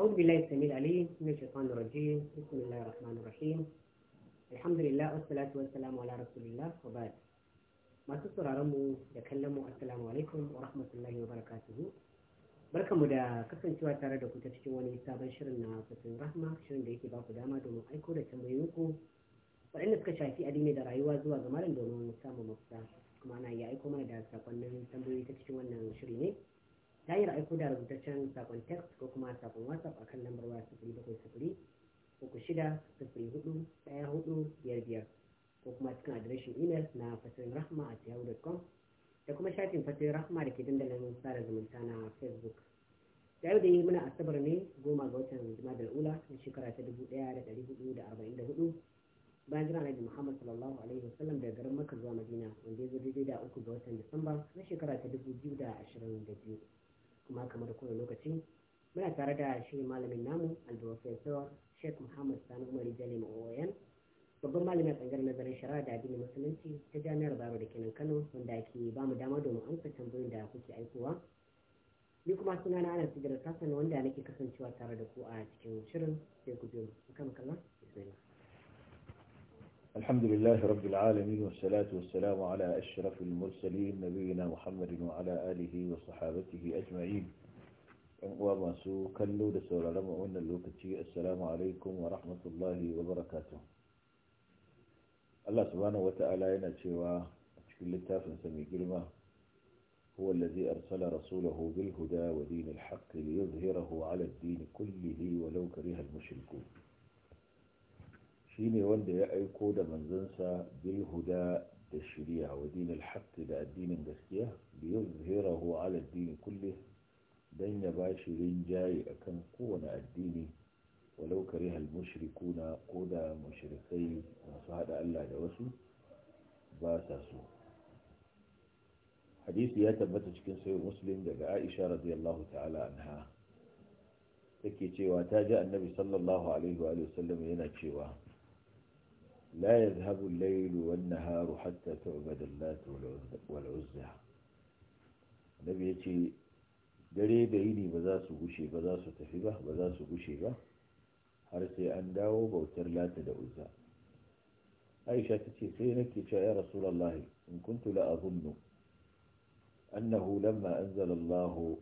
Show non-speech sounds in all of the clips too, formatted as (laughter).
أعوذ بالله السميع العليم من الشيطان الرجيم بسم الله الرحمن الرحيم الحمد لله والصلاة والسلام على رسول الله وبعد masu sauraron mu da kallon mu assalamu alaikum wa rahmatullahi wa barakatuhu da kasancewa tare da ku ta cikin wani sabon shirin na fatin rahma shirin da yake ba ku dama domin aiko da tambayoyinku waɗanda suka shafi addini da rayuwa zuwa ga malam domin samun mafita kuma ana iya aiko mana da sakonnin tambayoyi ta cikin wannan shiri ne ta yi ra'aiko da rubutaccen sakon text ko kuma sakon whatsapp a kan lambar waya sufuri bakwai sufuri uku shida sufuri hudu daya hudu biyar biyar ko kuma cikin adireshin imel na fasirin rahma a yahoo.com da kuma shafin fasirin rahma da ke dandalin sada zumunta na facebook da yau da yi muna asabar ne goma ga watan jimadar ula na shekara ta dubu daya da dari hudu da arba'in da hudu bayan jiran na muhammad sallallahu alaihi wasallam daga garin makar zuwa madina wanda ya zo daidai da uku ga watan disamba na shekara ta dubu biyu da ashirin da biyu kuma kamar kowane lokaci muna tare da shi malamin namu alprofesor sheikh muhammad sani umar jali ma'oyan babban malamin tsangar nazarin shari'a da addinin musulunci ta jami'ar bayero da kenan kano wanda ake ba mu dama domin amsa tambayoyin da kuke aikowa ni kuma suna na ana sigar sassan wanda nake kasancewa tare da ku a cikin shirin sai ku biyo mu kama kallon bismillah الحمد لله رب العالمين والصلاة والسلام على أشرف المرسلين نبينا محمد وعلى آله وصحابته أجمعين وما سو كلو دسول لما وإن اللوكتي السلام عليكم ورحمة الله وبركاته الله سبحانه وتعالى ينتشوى كل التاف نسمي كلمة هو الذي أرسل رسوله بالهدى ودين الحق ليظهره على الدين كله ولو كره المشركون shine wanda ya aiko da manzansa bil huda da shari'a wa dinil da addinin gaskiya biyu yuzhirahu ala ad kulle kulli dan ya bashi rinjaye akan kowane addini walau kariha al-mushrikuna ko da mushrikai masu hada Allah da wasu ba sa so hadisi ya tabbata cikin sahih muslim daga Aisha radiyallahu ta'ala anha take cewa ta ji annabi sallallahu alaihi wa sallam yana cewa لا يذهب الليل والنهار حتى تعبد اللات والعزى النبي يتي دري بعيني بذاس بشي بذاس تحبة بذاس بوشي به حرسي أنداو بوتر لا تدعوزا عائشة تتي سينك يا رسول الله إن كنت لا أظن أنه لما أنزل الله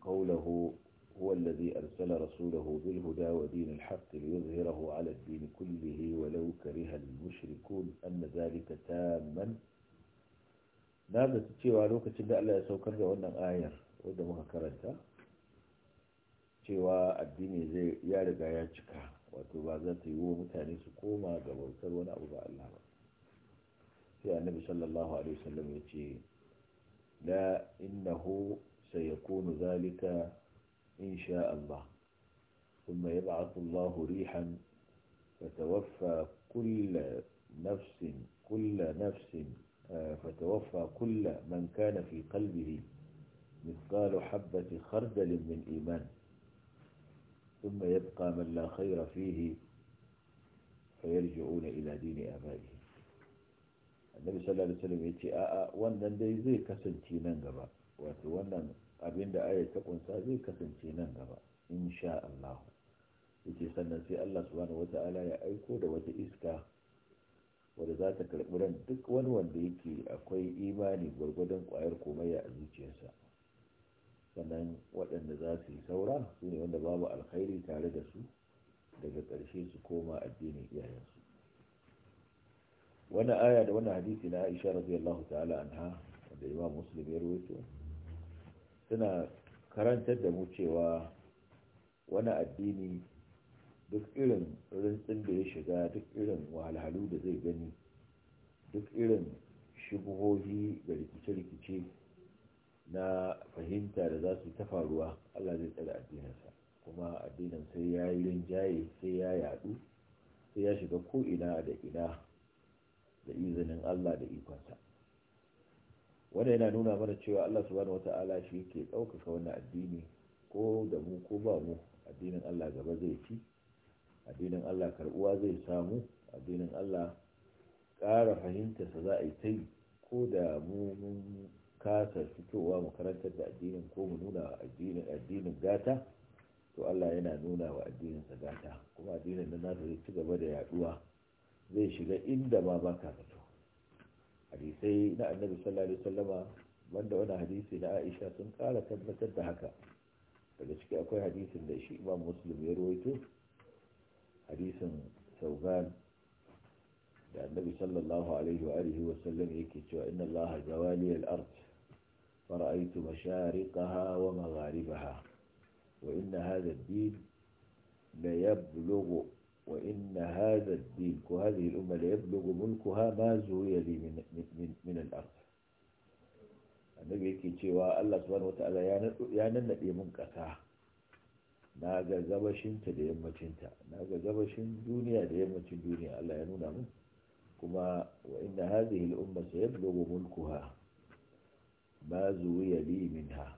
قوله هو الذي أرسل رسوله بالهدى ودين الحق ليظهره على الدين كله ولو كره المشركون أن ذلك تاما نعم تتشي وعلوك تشبع لا يسوكر ذا ونم آير وده مهكرة تشي والدين زي يارق آياتك وتبازات يوم متاني سكوما قبل كرونا أبو الله في النبي صلى الله عليه وسلم يتشي لا إنه سيكون ذلك إن شاء الله ثم يبعث الله ريحا فتوفى كل نفس كل نفس آه، فتوفى كل من كان في قلبه مثقال حبة خردل من إيمان ثم يبقى من لا خير فيه فيرجعون إلى دين آبائهم النبي صلى الله عليه وسلم يتي آآ آه، آه، وانا دي زي كسنتي ننقبا وانا abinda ayar ta kunsa zai kasance nan gaba insha Allah yake sannan sai Allah subhanahu wata'ala ya aiko da wata iska wanda za ta karbi ran duk wani wanda yake akwai imani gwargwadon kwayar komai a zuciyarsa sannan waɗanda za su yi saura su wanda babu alkhairi tare da su daga ƙarshe su koma addinin iyayensu wani aya da wani hadisi na aisha radiyallahu ta'ala anha wanda imam muslim ya rawaito suna karantar da mu cewa wani addini duk irin rintsin da ya shiga duk irin wahalhalu da zai gani duk irin shigohohi da rikice-rikice na fahimta da za su ta faruwa Allah zai tsada addininsa kuma addinin sai ya yi rinjaye sai ya yadu sai ya shiga ko ina da ina da izinin Allah da ikonsa wanda yana nuna mana cewa Allah subhanahu wata'ala shi ke ɗaukaka wannan addini ko da mu ko ba mu addinin Allah gaba zai ci addinin Allah karbuwa zai samu addinin Allah ƙara sa za a yi ta ko da mu mun kasa fitowa mu karantar da addinin ko mu nuna addinin addinin gata to Allah yana nuna wa addinin sa gata kuma addinin nan nasa zai ci gaba da yaduwa zai shiga inda ma ka fito hadisai na annabi sallallahu alaihi wasallama wanda wannan hadisi na aisha sun kara tabbatar da haka daga ciki akwai hadisin da shi imam muslim ya rawaito hadisin saugan da annabi sallallahu alaihi wa alihi wasallam yake cewa inna Allah zawali al-ard fara'aytu mashariqaha wa magharibaha wa inna hadha ad-din la yablughu وإن هذا الدين وهذه الأمة ليبلغ ملكها ما زوي لي من, من, من الأرض yake cewa Allah subhanahu wataala ya nannaɗe mun ƙasa na ga gabashinta da yammacinta na ga gabashin duniya da yammacin duniya Allah ya nuna mun kuma wa inna ta al-umma sayablughu mulkuha ma zuwiya li ha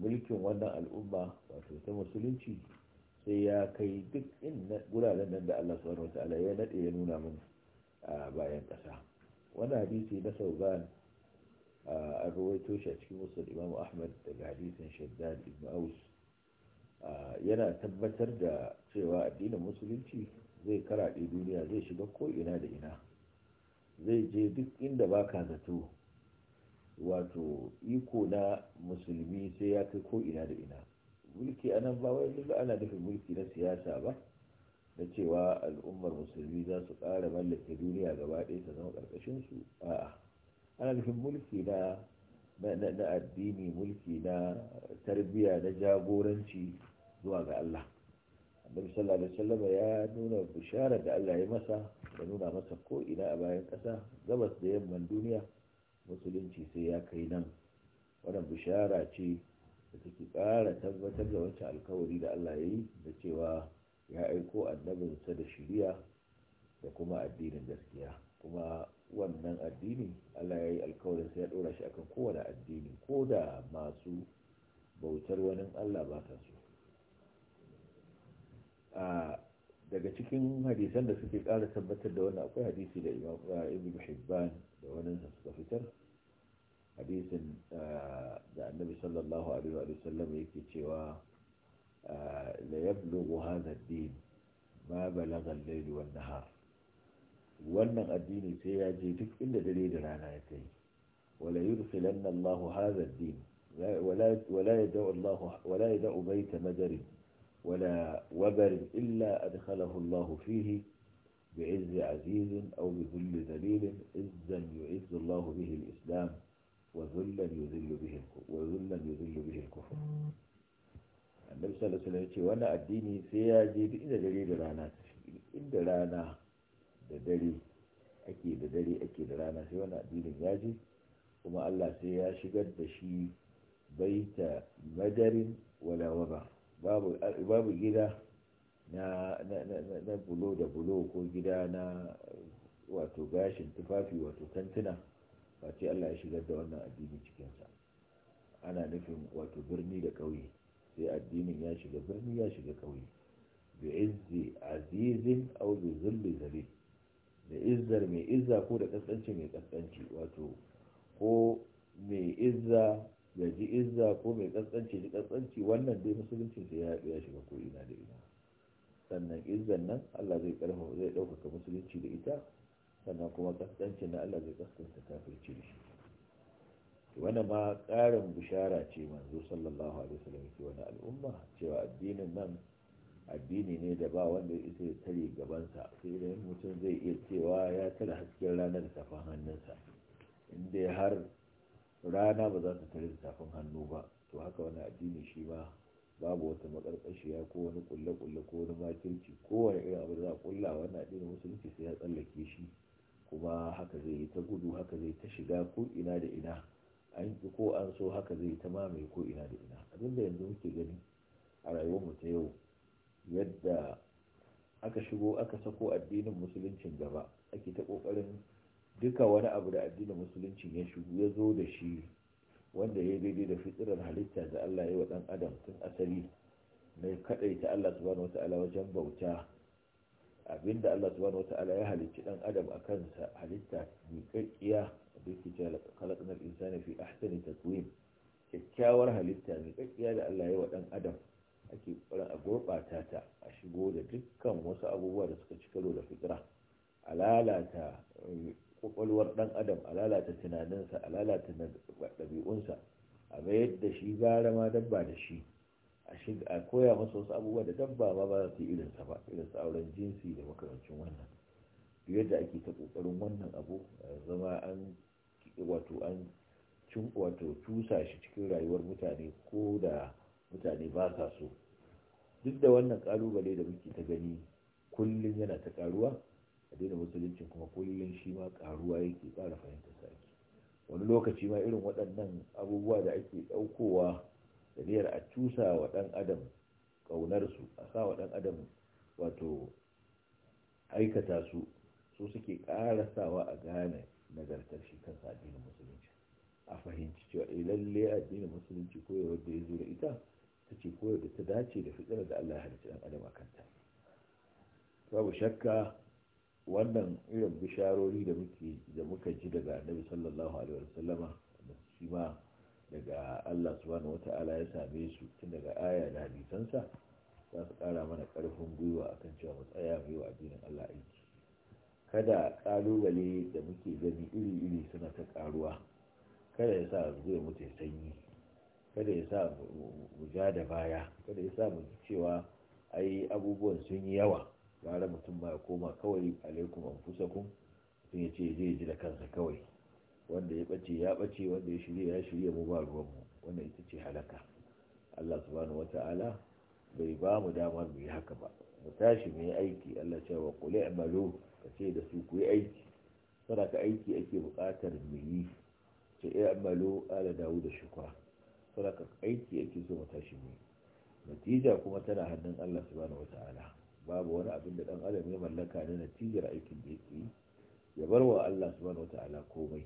mulkin wannan al'umma wato ta musulunci sai ya kai duk inda guraren nan da Allah subhanahu wataala ya nade ya nuna mana a bayan kasa wannan hadisi na sauban a ruwaito shi a cikin musul imam ahmad daga hadisin shaddad ibn aus yana tabbatar da cewa addinin musulunci zai karaɗe duniya zai shiga ko ina da ina zai je duk inda baka zato wato iko na musulmi sai ya kai ko ina da ina mulki a nan ba wai duka ana nufin mulki na siyasa ba na cewa al'ummar musulmi za su ƙara mallake duniya gaba ɗaya ta zama ƙarƙashin su a'a ana nufin mulki na na addini mulki na tarbiyya na jagoranci zuwa ga Allah annabi sallallahu alaihi wasallam ya nuna bishara da Allah ya masa da nuna masa ko ina a bayan ƙasa gabas da yamman duniya musulunci sai ya kai nan wannan bishara ce da take ƙara tabbatar da wancan alkawari da Allah ya yi da cewa ya aiko annabinsa da shiriya da kuma addinin gaskiya kuma wannan addini Allah ya yi alkawarin sa ya ɗora shi akan kowane addini ko da masu bautar wani Allah ba ta so daga cikin hadisan da suke ƙara tabbatar da wannan akwai hadisi da imam ibn hibban da wani suka fitar hadisin da annabi sallallahu alaihi wa sallam yake cewa la yablughu hadha ad-din ma balagha al-layl wan nahar wannan addini sai ya je duk inda dare da rana ya kai wala yudkhilanna Allahu hadha ad-din ولا ولا يدع الله ولا يدع بيت مدر ولا وبر إلا أدخله الله فيه بعز عزيز أو بذل ذليل عزا يعز الله به الإسلام wa zullan yuzillu bihi wa zullan yuzillu bihi al-kufr annabi sallallahu alaihi ya ce wannan addini sai ya je duk inda dare da rana inda rana da dare ake da dare ake da rana sai wannan addinin ya je kuma Allah sai ya shigar da shi baita madarin wala babu gida na na bulo da bulo ko gida na wato gashin tufafi wato kantuna face Allah ya shigar da wannan addini cikinsa ana nufin wato birni da ƙauye sai addinin ya shiga birni ya shiga ƙauye bi izzi azizin aw bi zulli zalil da izzar mai izza ko da kaskanci mai kaskanci wato ko mai izza ya ji izza ko mai kaskanci ji kaskanci wannan dai musulunci sai ya ya shiga ko ina da ina sannan izzan nan Allah zai karfafa zai ɗaukaka musulunci da ita sannan kuma kaskancin da Allah zai kaskanta kafirci da shi wanda ma karin bishara ce manzo sallallahu alaihi wasallam ke wani al'umma cewa addinin nan addini ne da ba wanda isa ya tare gabansa sai da mutum zai iya cewa ya tare hasken rana da tafin hannunsa inda har rana ba za ta tare da tafin hannu ba to haka wani addini shi ba babu wata makarƙashiya ko wani kulle-kulle ko wani makirci wani irin abu da za a kulla wannan addinin musulunci sai ya tsallake shi kuma haka zai yi ta gudu haka zai ta shiga ko ina da ina an ki ko an so haka zai ta mamaye ko ina da ina abinda yanzu muke gani a rayuwarmu ta yau yadda aka shigo aka sako addinin musuluncin gaba ake ta kokarin duka wani abu da addinin musuluncin ya shigo ya zo da shi wanda ya daidai da fitirar halitta da Allah ya wa dan adam tun asali na kadaita Allah subhanahu wataala wajen bauta abinda Allah subhanahu wata'ala ya halicci dan adam a kansa halitta miƙaƙƙiya da ke ce khalaqnal insani fi ahsani taqwim kyakkyawar halitta miƙaƙƙiya da Allah ya wa dan adam ake ƙoƙarin a gurɓata ta a shigo da dukkan wasu abubuwa da suka ci karo da fitra a lalata kwakwalwar eh, dan adam a lalata tunaninsa a lalata ɗabi'unsa a bayar da shi gara ma dabba da shi a koya masa wasu abubuwa da dabba ba ba za su yi irinsa ba irinsa auren jinsi da makarancin wannan yadda ake ta kokarin wannan abu zama an wato an cin wato cusa shi cikin rayuwar mutane ko da mutane ba sa so duk da wannan kalubale da muke ta gani kullum yana ta karuwa addinin musulunci kuma kullum shi ma karuwa yake kara fahimtar sa wani lokaci ma irin waɗannan abubuwa da ake ɗaukowa da a cusa wa ɗan adam ƙaunarsu a sa wa ɗan adam wato aikata su su suke sawa a gane nagartar shi kansa addinin musulunci a fahimci cewa eh, lalle addinin musulunci koyarwar da ya zo da ita ta ce koyar da ta dace da fitilar da Allah ya halicci ɗan adam a kanta babu shakka wannan irin bisharori da muke da muka ji daga annabi sallallahu alaihi wasallama da shi ma daga Allah subhanahu wata'ala ya same su tun daga aya da hadisansa za su kara mana karfin gwiwa akan cewa mu tsaya mu yi wa addinin Allah aiki kada ƙalubale da muke gani iri-iri suna ta karuwa kada ya sa zai mutu sanyi kada ya sa mu ja da baya kada ya sa mu ji cewa ai abubuwan sun yi yawa gara mutum ba ya koma kawai alaikum anfusakum mutum ya ce zai ji da kansa kawai wanda ya bace ya bace wanda ya shirya ya shirya mu ba ruwan mu wanda ita ce halaka Allah subhanahu wata'ala bai ba mu damar mu yi haka ba mu tashi mu yi aiki Allah ce wa qul amalu ka ce da su ku yi aiki saboda ka aiki ake buƙatar mu yi ce amalu ala da shukra saboda ka aiki ake so mu tashi mu yi natija kuma tana hannun Allah subhanahu wata'ala babu wani abin da dan adam ya mallaka ne natijar aikin da yake yi ya bar wa Allah subhanahu wata'ala komai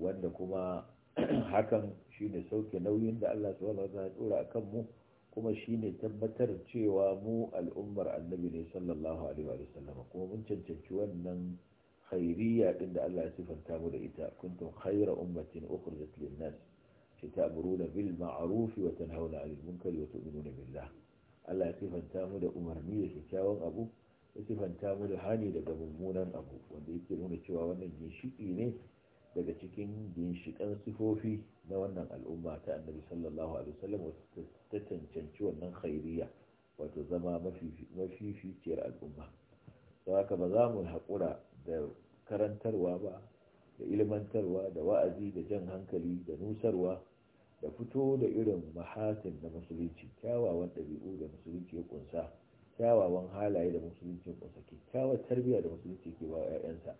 wanda kuma (clears throat) hakan shine sauke nauyin da Allah subhanahu wa ya dora a mu kuma shine tabbatar cewa mu al'ummar annabi ne sallallahu alaihi wa sallam kuma mun cancanci wannan khairiyya ɗin da Allah ya sifanta mu da ita kuntum khayra ummatin ukhrijat lin-nas ta'muruna bil ma'arufi wa tanhauna 'anil munkari wa tu'minuna billah Allah ya sifanta mu da umarni da kyakkyawan abu ya sifanta mu da hani daga mummunan abu wanda yake nuna cewa wannan ginshiƙi ne daga cikin ginshiƙan sifofi na wannan al'umma ta annabi sallallahu alaihi wasallam ta cancanci wannan khairiya wato zama mafificiyar al'umma don haka ba za mu haƙura da karantarwa ba da ilmantarwa da wa'azi da jan hankali da nusarwa da fito da irin mahatin da musulunci kyawawan ɗabi'u da musulunci ya kunsa kyawawan halaye da musulunci ya kunsa kyawawan tarbiyya da musulunci ke ba 'ya'yansa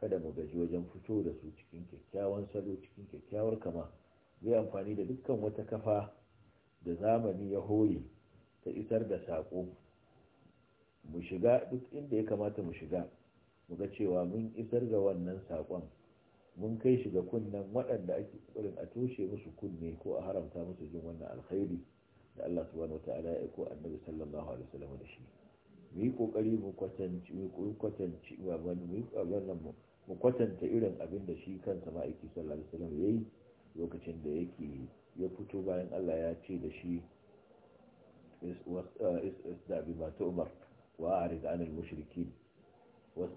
kada mu gaji wajen fito da su cikin kyakkyawan salo cikin kyakkyawar kama zai amfani da dukkan wata kafa da zamani ya hori ta isar da saƙo mu shiga duk inda ya kamata mu shiga mu ga cewa mun isar ga wannan saƙon mun kai shi ga kunnen waɗanda ake ƙoƙarin a toshe musu kunne ko a haramta musu jin wannan alkhairi da Allah subhanahu wataala ya aiko annabi sallallahu alaihi wasallam da shi mu yi ƙoƙari mu kwatanci mu kwatanci wannan mu mu kwatanta irin abin da shi kansa ma'aiki sallallahu alaihi wasallam yayi lokacin da yake ya fito bayan Allah ya ce da shi uh, da bi ma tu'mar wa a'rid 'anil mushrikin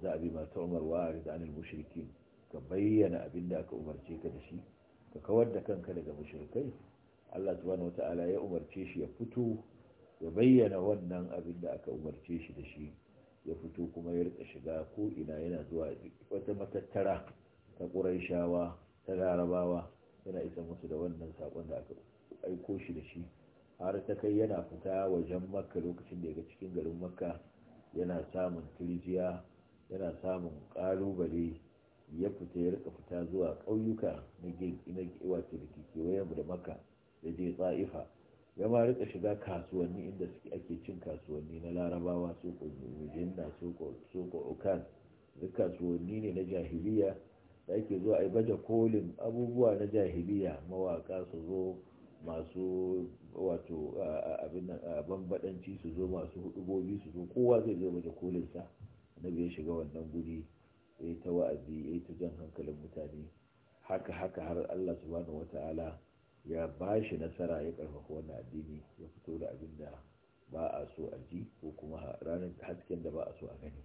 da bi ma tu'mar wa a'rid 'anil mushrikin ka bayyana abin da aka umarce ka da shi ka kawar da kanka daga mushrikai Allah subhanahu wata'ala ya umarce shi ya fito ya bayyana wannan abin da aka umarce shi da shi ya fito kuma ya rika shiga ko ina yana zuwa wata matattara ta ƙuraishawa ta larabawa yana isa musu da wannan sakon da aka aiko shi da shi har ta kai yana fita wajen makka lokacin da ya ga cikin garin makka yana samun turjiya yana samun ƙalubale ya fita ya rika fita zuwa ƙauyuka na wato da ke kewayen da makka da je tsa'ifa ya ma rika shiga kasuwanni inda ake cin kasuwanni na larabawa soko jinna soko okan duk kasuwanni ne na jahiliya da ake zuwa a yi baje kolin abubuwa na jahiliya mawaka su zo masu wato bambadanci su zo masu hudubobi su zo kowa zai zo baje kolin sa na ya shiga wannan guri ya ta wa'azi ya ta jan hankalin mutane haka haka har allah subhanahu wata'ala ya ba shi nasara ya karfafa wannan addini ya fito da abin da ba a so a ji ko kuma ranar hasken da ba a so a gani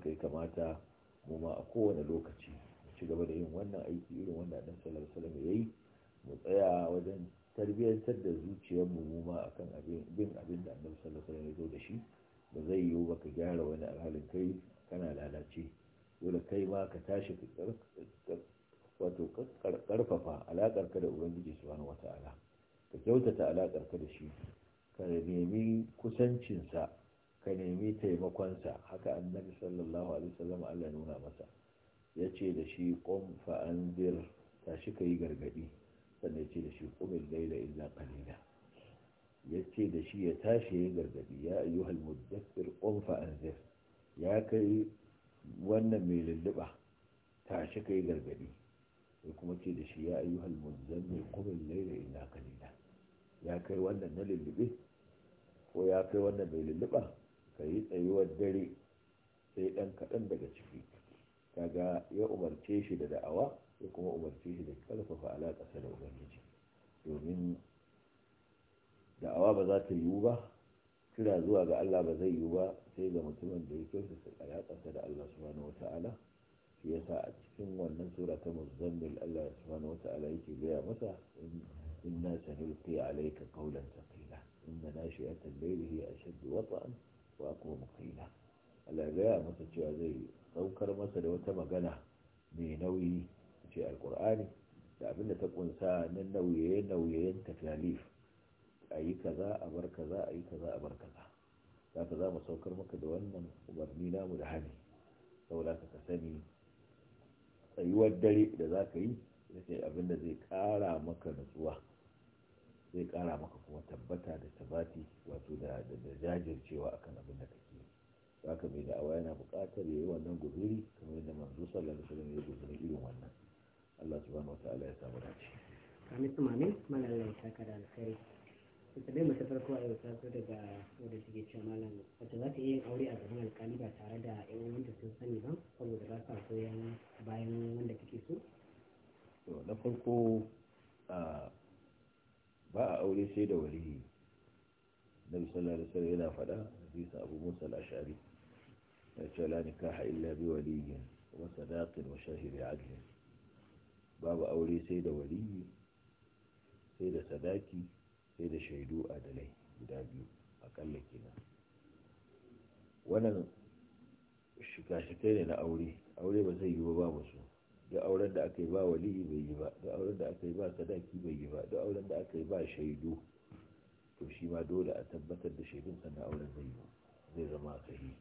ka yi kamata mu ma a kowane lokaci mu ci gaba da yin wannan aiki irin wanda dan sallallahu alaihi ya yi mu tsaya wajen tarbiyyantar da zuciyar mu mu ma a kan bin abin da annabi sallallahu ya zo da shi ba zai yiwu ba ka gyara wani alhalin kai kana lalace dole kai ma ka tashi ka wato karfafa alaƙarka da ubangiji subhanahu wata'ala ka kyautata alakar ka da shi ka nemi kusancinsa ka nemi taimakonsa haka annabi sallallahu alaihi wasallam Allah nuna masa ya ce da shi qum ta shi ka yi gargadi sannan ya ce da shi ƙumin laila illa qalila ya ce da shi ya tashi ya gargadi ya ayyuhal muddathir qum fa anzir ya kai wannan mai shi tashi yi gargadi sai kuma ce da shi ya ayyuhal muzammil kumin laila illa kalila ya kai wannan na lullube ko ya kai wannan bai lulluba ka yi tsayuwar dare sai dan kaɗan daga ciki kaga ya umarce shi da da'awa ya kuma umarce shi da karfafa alaƙarsa da ubangiji domin da'awa ba za ta yiwu ba kira zuwa ga Allah ba zai yiwu ba sai ga mutumin da ya kyautata ƙasa da Allah subhanahu wata'ala shi yasa a cikin wannan sura ta muzammil Allah ya wata ala yake gaya masa inna sakila alayka na shi inna nashi'atal a shaddu wata an wa kuma muqila Allah gaya mata cewa zai saukar masa da wata magana mai nauyi ce alkur'ani da abinda ta kunsa na nauye nauyen taklif a yi kaza a bar kaza a yi kaza a bar kaza za ka za mu saukar maka da wannan umarni namu da hali saboda ka sani tsayuwar dare da za ka yi ya abin da zai ƙara maka nutsuwa zai ƙara maka kuma tabbata da tabati wato da jajircewa akan abin da kake za ka mai da'awa yana bukatar yayi wannan guzuri kamar yadda manzo sallallahu alaihi wasallam ya guzuri irin wannan Allah subhanahu wa ta'ala ya samu dace. Amin, amin, mana ya saka alkhairi. ita dai mace farko a yau ta zo daga wadda take cewa malam wacce za ta iya yin aure a gaban alkali ba tare da yan wanda sun sani ba saboda ba sa goyon bayan wanda take so to na farko ba a aure sai da waliyi nabi sallallahu alaihi wasallam yana faɗa hadisi abu musa ashari ya ce la nikaha illa bi waliyyin wa sadaqin wa shahidi adlin babu aure sai da wali sai da sadaki sai da shaidu a adalai guda biyu a akalla kenan wannan shiga-shikai ne na aure aure ba zai yi ba babu su auren da aka yi ba waliyi bai yi ba da auren da aka yi ba sadaki bai yi ba da auren da aka yi ba shaidu to shi ma dole a tabbatar da shaidun sannan auren zai yi zai zama sahi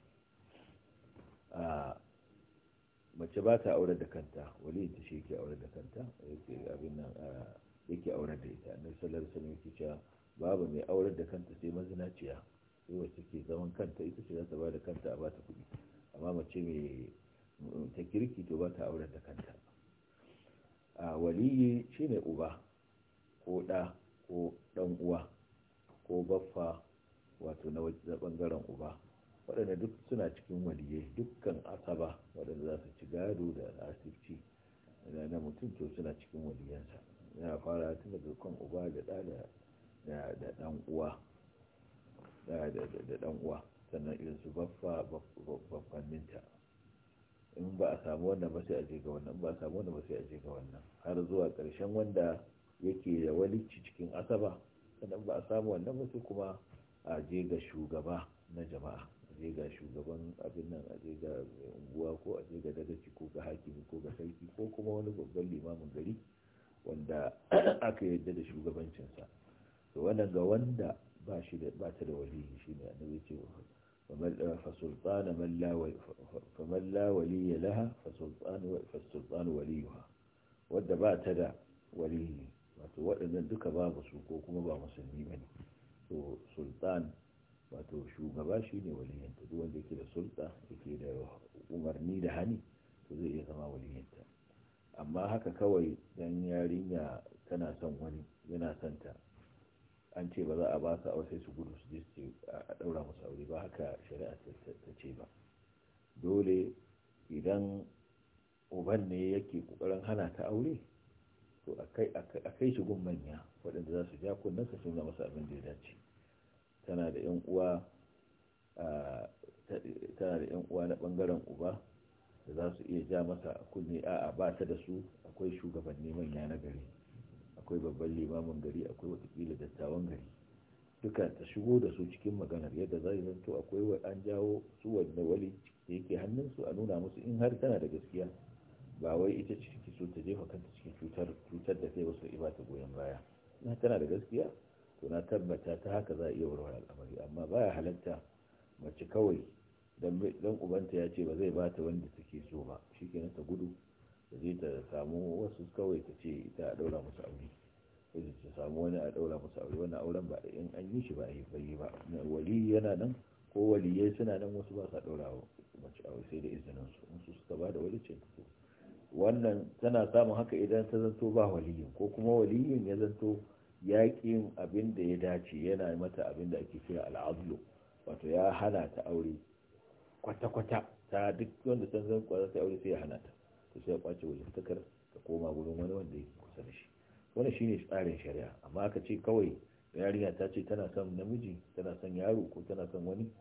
a mace ba ta auren da kanta wali ta shi ke auren da kanta yake abin nan a yake aure da ita annabi sallallahu alaihi wasallam yake cewa babu mai aure da kanta sai mazinaciya sai wacce ke zaman kanta ita ce za ta ba da kanta a bata kuɗi amma mace mai ta kirki to ba ta aure da kanta a waliyi shine uba ko ɗa ko ɗan uwa ko baffa wato na bangaren uba waɗanda duk suna cikin waliyai dukkan asaba waɗanda za su ci gado da asibci na mutum to suna cikin waliyansa ya fara tun daga kan uba da ɗa da ɗan uwa da ɗan uwa sannan irin su baffa baffaninta in ba a samu wannan ba sai a je ga wannan ba a samu wannan ba sai a je ga wannan har zuwa ƙarshen wanda yake da walicci cikin asaba sannan ba a samu wannan ba sai kuma a je ga shugaba na jama'a a je ga shugaban abin nan a je ga unguwa ko a je ga dagaci ko ga hakimi ko ga sarki ko kuma wani babban limamin gari wanda (clears throat) aka yarda da shugabancinsa to wannan ga wanda ba shi da ba ta da waliyi shine annabi ce eh, fa sultana man la wa fa laha fa sultanu wa fa ba ta da waliyi wato waɗannan duka babu su ko kuma ba musulmi bane to sultan wato shugaba shine waliyanta duk wanda yake da sulta yake da umarni da hani to zai iya zama waliyanta amma haka kawai dan yarinya tana son wani yana son ta an ce ba za a ba su a sai su gudu su je su a daura musu aure ba haka shari'a ta ce ba dole idan uban ne yake kokarin hana ta aure to a kai shi gun manya waɗanda za su ja su sun zama abin da ya dace tana da yan uwa tana da yan uwa na bangaren uba da za su iya ja masa kunne a'a ba ta da su akwai shugabanni manya na gari akwai babban limamin gari akwai watakila dattawan gari duka ta shigo da su cikin maganar yadda zai to akwai an jawo su wanne wali da yake hannun su a nuna musu in har tana da gaskiya ba wai ita ciki so ta jefa kanta cikin cutar cutar da kai wasu iba ta goyon baya in tana da gaskiya to na tabbata ta haka za a iya warware al'amari amma baya halatta mace kawai dan ubanta ya ce ba zai bata wanda take so ba shi kenan ta gudu ta je ta samu wasu kawai ta ce ita a daura musu aure sai ta samu wani a daura musu aure wannan auren ba da in an yi shi ba yi bai ba wali yana nan ko waliyai suna nan wasu ba sa daura mace aure sai da izinin su wasu suka ba da wali ce ta wannan tana samun haka idan ta zanto ba waliyin ko kuma waliyin ya zanto yaƙin abin da ya dace yana mata abin da ake kira al'adlu wato ya hana ta aure kwata-kwata ta duk wanda san zan kwata ta aure sai ya hana ta to sai ya kwace wajen takar ta koma gurin wani wanda ya kusa da shi wannan shine tsarin shari'a amma aka ce kawai yarinya ta ce tana son namiji tana son yaro ko tana son wani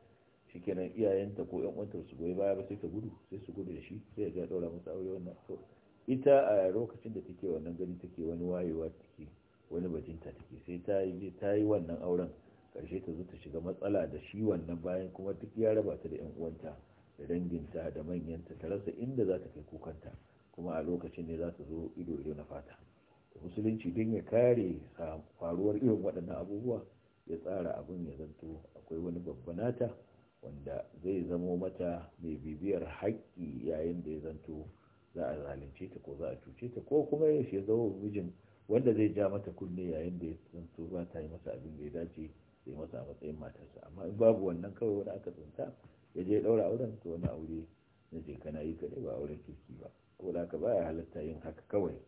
shikenan iyayenta ko yan uwanta su goyi baya ba sai ta gudu sai su gudu da shi sai ya daura musu aure wannan to ita a lokacin da take wannan gani take wani wayewa take wani bajinta take sai ta yi ta yi wannan auren karshe ta zo ta shiga matsala da shi wannan bayan kuma duk ya raba ta da yan uwanta da danginta da manyanta ta rasa inda za ta kai kukanta kuma a lokacin ne za ta zo ido ido na fata musulunci don ya kare faruwar irin waɗannan abubuwa ya tsara abin ya zanto akwai wani babbanata wanda zai zamo mata mai bibiyar haƙƙi yayin da ya zanto za a zalunce ta ko za a cuce ta ko kuma ya shi zama mijin wanda zai ja mata kunne yayin da ya zanto ba ta yi masa abin da ya dace sai masa a matsayin matarsa amma in babu wannan kawai wani aka tsinta ya je daura auren to wani aure na je kana yi kaɗai ba auren kirki ba ko da aka baya halatta yin haka kawai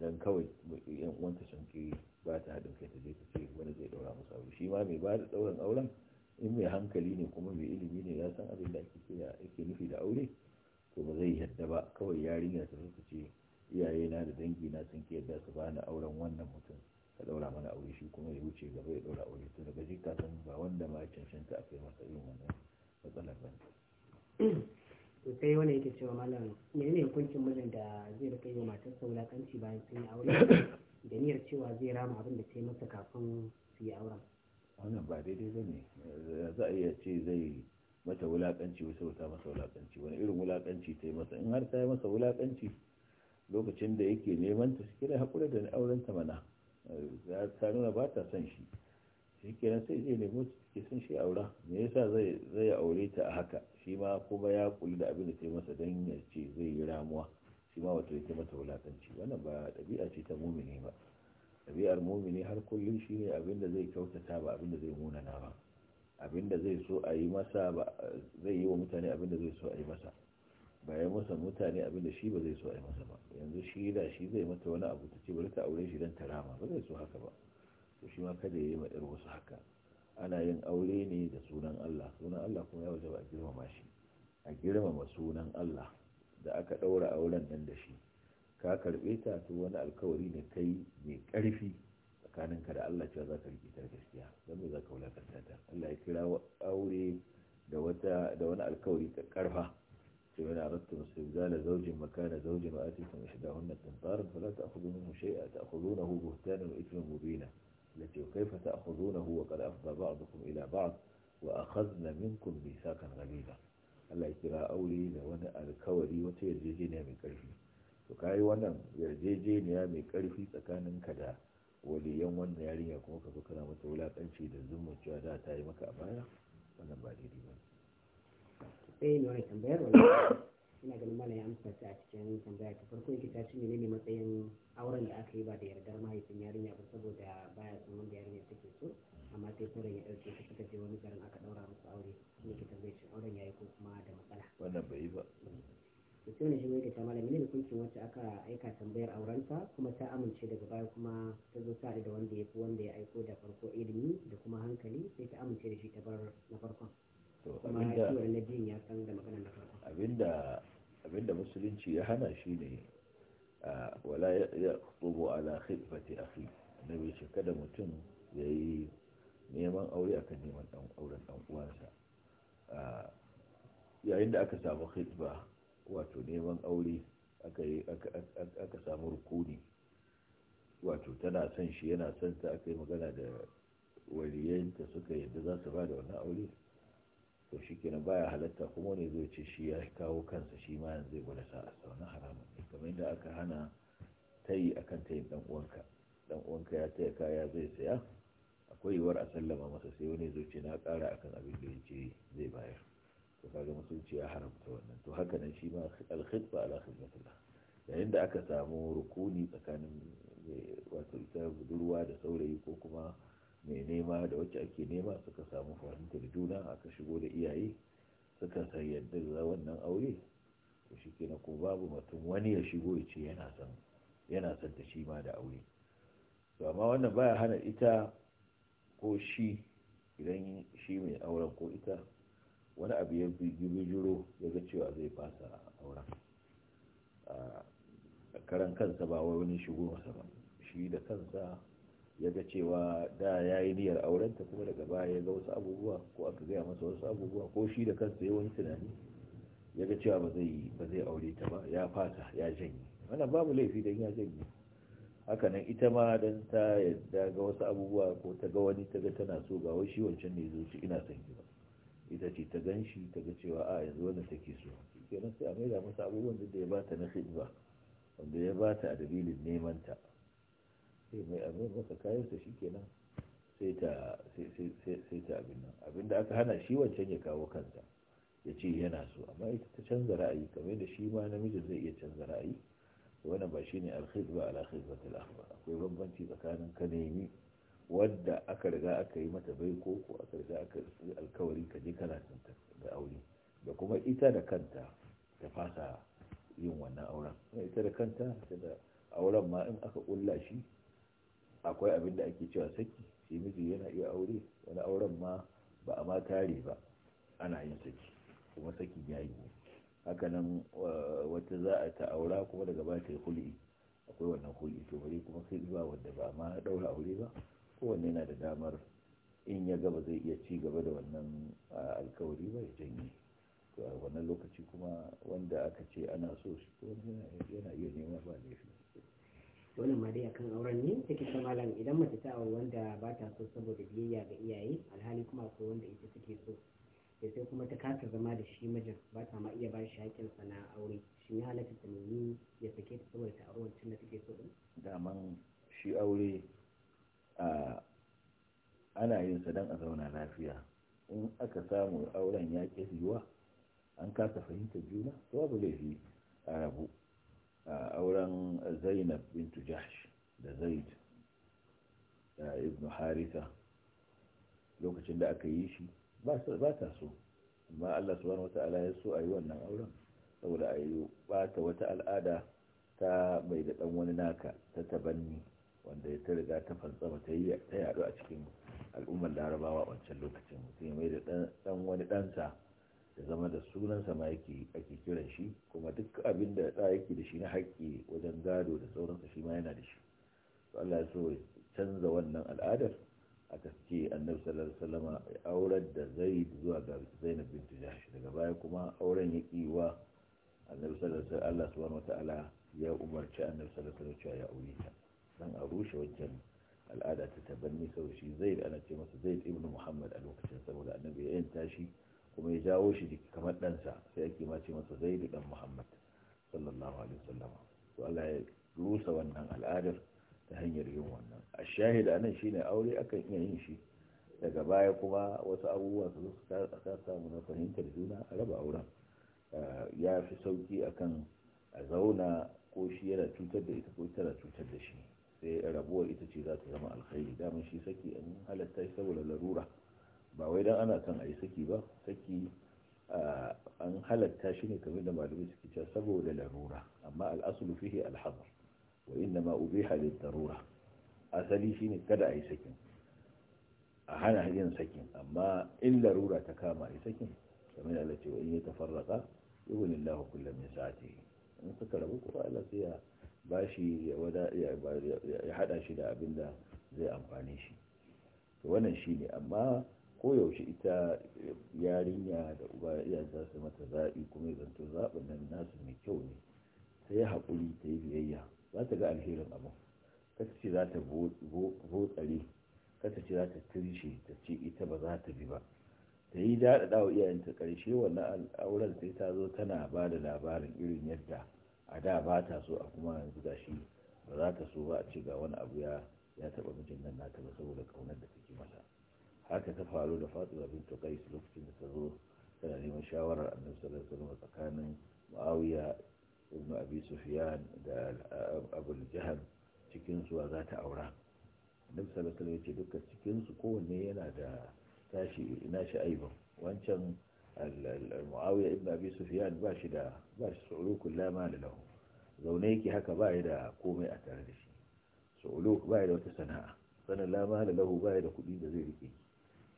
dan kawai yan uwanta sun ki ba ta haɗin kai ta je ta ce wani zai daura masa aure shi ma mai bada da dauran auren in mai hankali ne kuma mai ilimi ne ya san abin da ake nufi da aure to ba zai yadda ba kawai yarinya ta ce na da dangi na sun ke yadda su bani auren wannan mutum daura mana aure shi kuma ya wuce gaba ya daura aure to daga ji ka ba wanda ma cancanta a kai masa irin wannan matsalar ba to sai wani yake cewa malam ne hukuncin mijin da zai rika yi wa matarsa wulakanci bayan sun yi aure da niyyar cewa zai rama abin da ta yi masa kafin su yi auren wannan ba daidai ba ne za a iya ce zai mata wulakanci wasu wata masa wulakanci wani irin wulakanci ta yi masa in har ta yi masa wulakanci lokacin da yake neman ta shi da haƙura da auren ta mana ta nuna ba ta son shi shi kenan sai zai nemo ke son shi aura me yasa zai aure ta a haka shi ma kuma ya kuli da abin da ta masa don ya ce zai yi ramuwa shi ma wato yake mata wulatanci wannan ba ɗabi'a ce ta mumini ba ɗabi'ar mumini har kullum shi ne abin da zai kyautata ba abin da zai munana ba abin da zai so a yi masa ba zai yi wa mutane abin da zai so a yi masa ba ya masa mutane abinda shi ba zai so a yi masa ba yanzu shi da shi zai mata wani abu ta ce bari ta aure shi don ta rama ba zai so haka ba to shi ma kada ya yi ma irin wasu haka ana yin aure ne da sunan Allah sunan Allah kuma ya waje ba a girmama shi a girmama sunan Allah da aka ɗaura auren nan da shi ka karɓe ta to wani alkawari ne kai mai ƙarfi tsakaninka da Allah cewa za ka riƙe ta gaskiya don me za ka wulakanta ta Allah ya kira aure da wata da wani alkawari ta ƙarfa فإن أردتم استبدال زوج مكان زوج وآتيتم إحداهن قنطارا فلا تأخذوا منه شيئا تأخذونه بهتانا وإثما مبينا التي وكيف تأخذونه وقد أفضى بعضكم إلى بعض وأخذنا منكم ميثاقا غليظا Allah ya kira aure da wani alkawari wata yarjejeniya mai ƙarfi to kayi wannan yarjejeniya mai ƙarfi tsakanin ka da waliyan wannan yarinya kuma ka zo kana mata wulaƙanci da zumuncewa da ta yi maka a baya wannan ba daidai ba sai ne wani tambayar wani ina ganin mana ya amsa ta a cikin tambaya ta farko yake ta ci menene matsayin auren da aka yi ba da yardar mahaifin yarinya ba saboda baya son wanda yarinya take so amma sai sauran ya ɗauke ta suka je wani garin aka ɗaura musu aure ne ke zai auren auren yi ko kuma da matsala wannan bai yi ba to sai wani shi ta malami ne hukuncin wacce aka aika tambayar aurenta kuma ta amince daga baya kuma ta zo sa da wanda ya fi wanda ya aiko da farko ilimi da kuma hankali sai ta amince da shi ta bar na farkon abinda abinda musulunci ya hana shi ne wala ya tsogo ala khidfati akhi bai shi kada mutum ya yi neman aure kan neman auren dan uwansa yayin da aka samu khidba wato neman aure aka samu rukuni wato tana son shi yana son ta aka yi magana da waliyanta suka yadda za su ba da wannan aure to shi kenan baya halatta kuma ne zai ce shi ya kawo kansa shi ma yanzu zai gwada sa a wani haramun ne kamar yadda aka hana ta yi akan tayin dan uwanka dan uwanka ya taya kaya zai saya akwai yiwuwar a sallama masa sai wani zai ce na ƙara akan abin da ya ce zai bayar to kaga musulunci ya haramta wannan to haka nan shi ma ba ala khidmatillah yayin da aka samu rukuni tsakanin eh, wato ita budurwa da saurayi ko kuma mai nema da wacce ake nema suka samu fahimtar juna aka shigo da iyaye suka san yadda za wannan aure to shi kenan ko babu mutum wani ya shigo ya ce yana son yana son ta shi ma da aure to amma wannan baya hana ita ko shi idan shi mai auren ko ita wani abu ya bijiro ya ga cewa zai fasa auren a karan kansa ba wani shigo masa ba shi da kansa ya ga cewa da ya yi niyyar aurenta kuma daga baya ya ga wasu abubuwa ko aka gaya masa wasu abubuwa ko shi da kansa ya wani tunani ya ga cewa ba zai aure ta ba ya fata ya janye wannan babu laifi don ya janye hakanan ita ma don ta yadda ga wasu abubuwa ko ta ga wani ta ga tana so ga wai shi wancan ne zo shi ina son ba ita ce ta gan shi ta ga cewa a yanzu wannan take so kenan sai a maida masa abubuwan da ya ba ta na ba wanda ya bata a dalilin neman ta sai mai abin masa kayansa shi kenan sai ta abin nan abin da aka hana shi wancan ya kawo kansa ya ce yana so amma ita ta canza ra'ayi kamar da shi ma namijin zai iya canza ra'ayi wannan ba shi ne alkhiz ba alakhiz ba talakhiz akwai bambanci tsakanin ka wadda aka riga aka yi mata bai ko ko aka riga aka yi alkawari ka je kana tanta da aure da kuma ita da kanta ta fasa yin wannan auren ita da kanta ta da auren ma in aka kulla shi akwai abin da ake cewa saki shi miji yana iya aure wani auren ma ba a ma tare ba ana yin saki kuma saki ya yi haka nan eh, wata za a ta aura kuma daga ba ta yi huli akwai wannan huli to bari kuma sai ba wanda ba ma daura aure ba kowanne yana da damar in ya gaba zai iya ci gaba da wannan eh, alkawari ba ya janye to a wannan lokaci kuma wanda aka ce ana so shi yana iya nema ba laifi wannan ma dai akan auren ne take ta malam idan mace ta auri wanda ba ta so saboda biyayya ga iyaye alhali kuma akwai wanda ita take so da sai kuma ta kasa zama da shi mijin ba ta ma iya ba shi haƙƙinsa na aure shi ya halatta ta nemi ya sake ta saboda ta aure da take so din daman shi aure a ana yin sa don a zauna lafiya in aka samu auren ya ƙi an kasa fahimtar juna to zai fi a rabu auren zainab bintu jahsh da zaid da ibn haritha lokacin da aka yi shi ba ta so amma allah subhanahu wata'ala ya so a yi wannan auren saboda a yi bata wata al'ada ta mai da dan wani naka ta tabanni wanda ya ta riga ta fantsama ta yi ta a cikin al'ummar larabawa wancan lokacin mutum mai da dan wani ɗansa ya zama da sunansa ma ake kiran shi kuma duk abin da ɗa yake da shi na haƙƙi wajen gado da sauransa shi ma yana da shi to Allah ya so ya canza wannan al'adar aka ce annabi sallallahu alaihi wasallam ya aurar da zaid zuwa ga zainab bint jahsh daga baya kuma auren ya kiwa annabi sallallahu alaihi Allah subhanahu wataala ya umarci annabi sallallahu alaihi wasallam ya aure ta dan a rushe wajen al'ada ta tabanni sau shi zaid ana ce masa zaid ibnu muhammad a lokacin saboda annabi ya yanta shi kuma ya jawo shi da kamar ɗansa sai ake mace masa zaidu ɗan muhammad sallallahu alaihi wasallam to Allah ya rusa wannan al'adar ta hanyar yin wannan a shahida nan shine aure akan iya yin shi daga baya kuma wasu abubuwa su ka samu na fahimtar juna a raba auren eh, ya fi sauki akan a zauna ko shi yana cutar da ita ko tana cutar da shi sai rabuwar ita ce za ta zama alkhairi daman shi saki an halatta saboda larura ba wai dan ana son a yi saki ba saki an halatta shi ne kamar da malamai suke cewa saboda larura amma al'asulu fihi al wa inna ma ubiha lid-darura asali shine kada a yi sakin a hana yin sakin amma in larura ta kama a yi sakin kamar Allah ce wa in yatafarraqa yughni Allah kullu min sa'atihi in suka rabu ko ala sai ya bashi ya ya hada shi da da zai amfane shi to wannan shine amma koyaushe ita yarinya da uba iyayen za su mata zaɓi kuma ya zanto zaɓin nan nasu mai kyau ne ta yi haƙuri ta yi biyayya za ta ga alherin abu kasa ce za ta botsare kasa ce za ta tirshe ta ce ita ba za ta bi ba ta yi daɗaɗa wa ta ƙarshe wannan auren sai ta zo tana ba da labarin irin yadda a da ba ta so a kuma yanzu ga shi ba za ta so ba a ce ga wani abu ya taɓa mijin nan nata ba saboda ƙaunar da take masa haka ta faru da fatima bintu su lokacin da ta zo tana neman shawarar annabi sallallahu alaihi wasallam tsakanin muawiya ibn abi sufyan da abu jahl cikin su za ta aura annabi sallallahu alaihi wasallam ya ce dukkan cikin su kowanne yana da tashi ina shi aiban wancan muawiya ibn abi sufyan ba shi da ba shi su'ulukul ma da lahu zaune yake haka ba ya da komai a tare da shi su'uluk ba ya da wata sana'a sanan la da lahu ba ya da kuɗi da zai rike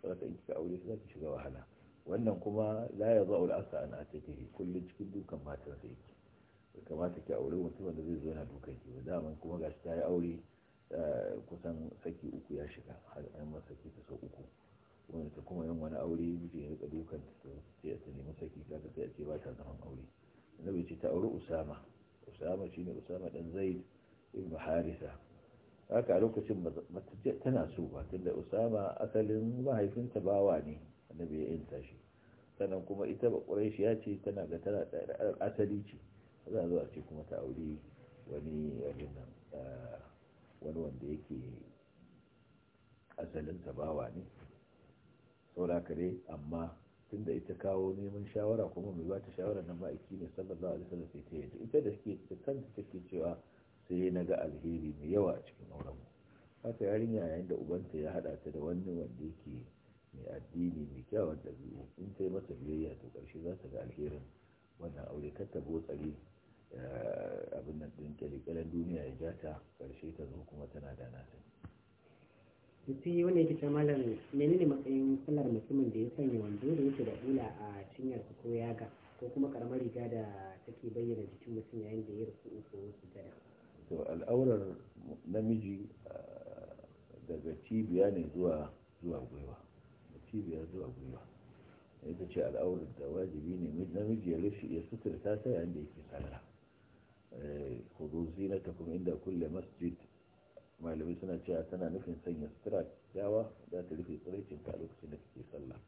saboda in kika aure su za ki shiga wahala wannan kuma la ya zo al'asa an atatihi kullun cikin dukan matar da yake bai kamata ki aure mutum da zai zo yana dukan ki ba daman kuma gashi ta yi aure eh, kusan saki uku ya shiga har an masa saki ta sau uku wanda ta kuma yin wani aure miji ya rika dukan ta ce ta nemi saki ta ta ce ba ta zaman aure annabi ce ta aure usama usama shine usama dan zaid ibn harisa haka a lokacin mata tana so ba tunda usama asalin mahaifinta bawa ne annabi ya yanta shi sannan kuma ita ba ya ce tana ga tana da asali ce za a zo a ce kuma ta aure wani nan wani wanda yake asalin ta bawa ne saboda kare amma tunda ita kawo neman shawara kuma mai ba ta shawara na ma'aiki ne sallallahu alaihi wasallam sai ta yi ita da take kanta take cewa sai na ga alheri mai yawa a cikin auren mu haka yarinya yayin da ubanta ya hada ta da wani wanda yake mai addini mai kyawun dabi'u in ta yi masa biyayya to karshe za ta ga alherin wannan aure kar ta botsare eh, abin nan din duniya ya ja ta karshe ta zo kuma tana da nata. mutum wanda yake ta malam menene matsayin sallar mutumin da ya sanya wando da yake da hula a cinyar ko yaga ko kuma karamar riga da take bayyana jikin mutum yayin da ya rasu ko gada. to al'aurar namiji ah, daga cibiya ne zuwa zuwa gwiwa da cibiya zuwa gwiwa ita ce al'aurar da wajibi ne namiji ya rufe ya suturta ta yayin da yake sallah eh, hudu kuma inda kulle masjid malamai suna cewa tana nufin sanya sutura kyawa za ta rufe tsiraicinta ta lokacin da take sallah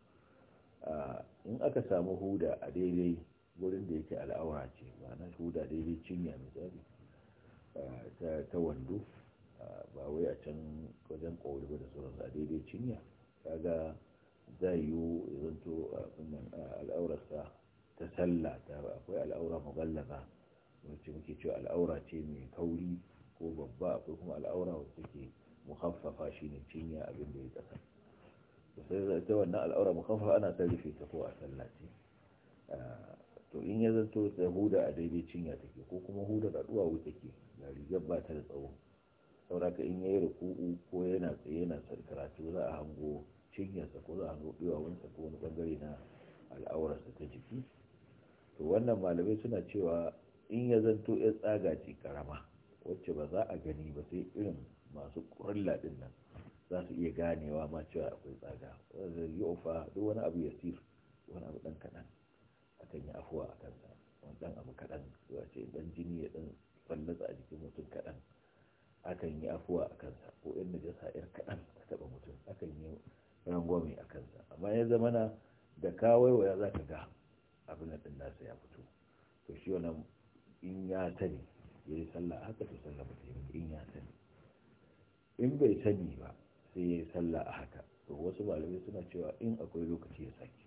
ah, in aka samu huda a daidai wurin da yake al'aura ce ma'ana huda daidai cinya tsari. ta wando ba wai a can wajen ƙwauri ba da sauransu a daidai cinya kaga zai yiwu ya zanto al'aurarsa ta sallah ta akwai al'aura mugallaza wacce muke cewa al'aura ce mai kauri ko babba akwai kuma al'aura wacce take muhaffafa ne cinya abin da ya kasa sai ta wannan al'aura muhaffafa ana ta rufe ta ko a sallah ce to in ya zanto ta huda a daidai cinya take ko kuma huda da duwawu take da rigar ba ta da tsawo sauraka in yayi ruku'u ko yana tsaye yana karatu za a hango cinyarsa ko za a hango ɗiwawansa ko wani bangare na al'aurarsa ta jiki to wannan malamai suna cewa in ya zanto ya tsaga ce karama wacce ba za a gani ba sai irin masu ƙurilla ɗin nan za su iya ganewa ma cewa akwai tsaga wanda yi ofa duk wani abu ya sir wani abu ɗan kaɗan akan yi afuwa a kansa wani ɗan abu kaɗan zuwa ce ɗan jini ya ɗan ballatsa a jikin mutum kaɗan akan yi afuwa a kansa ko yan najasa yar kaɗan ta taɓa mutum akan yi rangwame a kansa amma ya zama na da kawai waya za ka ga abin da nasa ya fito to shi wannan in ya sani ya yi sallah haka to sallah ba ta in ya sani in bai sani ba sai ya yi sallah a haka to wasu malamai suna cewa in akwai lokaci ya sake